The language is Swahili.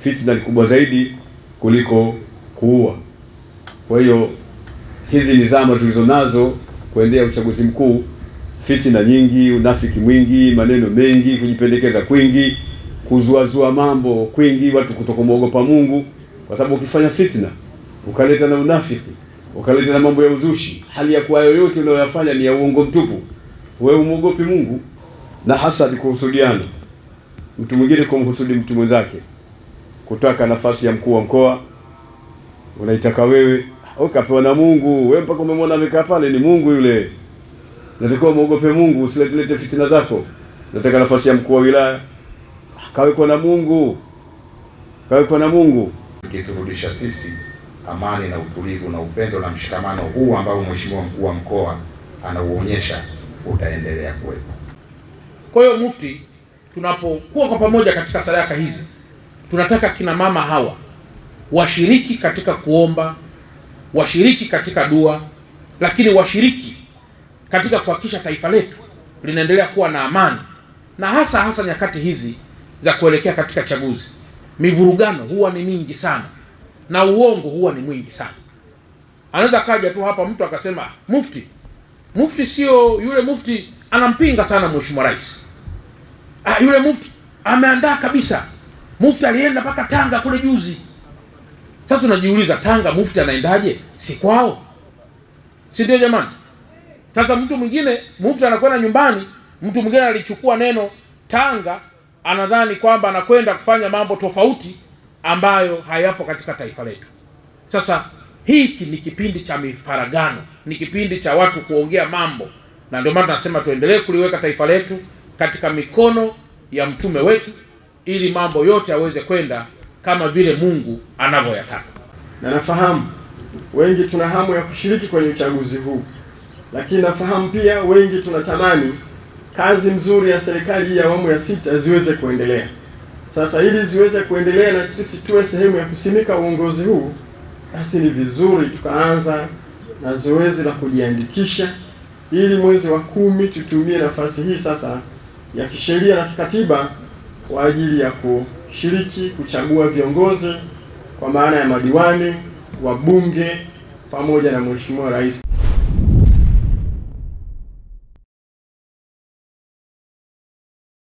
fitna ni kubwa zaidi kuliko kuua. Kwa hiyo hizi ni zama tulizo nazo kuendea uchaguzi mkuu, fitna nyingi, unafiki mwingi, maneno mengi, kujipendekeza kwingi, kuzuazua mambo kwingi, watu kutokumwogopa Mungu, kwa sababu ukifanya fitna ukaleta na unafiki ukaleta na mambo ya uzushi, hali ya kuwa yoyote unayoyafanya ni ya uongo mtupu, wewe umwogopi Mungu. Na hasadi, kuhusudiana, mtu mwingine kumhusudi mtu mwenzake kutaka nafasi ya mkuu wa mkoa unaitaka wewe, ukapewa na Mungu. Wewe mpaka umemwona amekaa pale, ni Mungu yule. Natakiwa muogope Mungu, usiletelete fitina zako. Nataka nafasi ya mkuu wa wilaya, kawekwa na Mungu, kawekwa na Mungu, kiturudisha sisi amani na utulivu na upendo na mshikamano huu ambao mheshimiwa mkuu wa mkoa anauonyesha utaendelea kuwepo. Kwa hiyo Mufti, tunapokuwa kwa pamoja katika sadaka hizi tunataka kina mama hawa washiriki katika kuomba, washiriki katika dua, lakini washiriki katika kuhakikisha taifa letu linaendelea kuwa na amani, na hasa hasa nyakati hizi za kuelekea katika chaguzi. Mivurugano huwa ni mingi sana na uongo huwa ni mwingi sana. Anaweza kaja tu hapa mtu akasema mufti, mufti sio yule mufti, anampinga sana mheshimiwa rais. Ah, yule mufti ameandaa kabisa Mufti alienda mpaka Tanga kule juzi. Sasa unajiuliza Tanga mufti anaendaje? Si kwao, si ndio jamani? Sasa mtu mwingine mufti anakwenda nyumbani, mtu mwingine alichukua neno Tanga anadhani kwamba anakwenda kufanya mambo tofauti ambayo hayapo katika taifa letu. Sasa hiki ni kipindi cha mifaragano, ni kipindi cha watu kuongea mambo, na ndio maana tunasema tuendelee kuliweka taifa letu katika mikono ya mtume wetu ili mambo yote yaweze kwenda kama vile Mungu anavyoyataka. Na nafahamu wengi tuna hamu ya kushiriki kwenye uchaguzi huu, lakini nafahamu pia wengi tunatamani kazi nzuri ya serikali hii ya awamu ya sita ziweze kuendelea. Sasa ili ziweze kuendelea na sisi tuwe sehemu ya kusimika uongozi huu, basi ni vizuri tukaanza na zoezi la kujiandikisha ili mwezi wa kumi tutumie nafasi hii sasa ya kisheria na kikatiba kwa ajili ya kushiriki kuchagua viongozi kwa maana ya madiwani, wabunge pamoja na Mheshimiwa Rais.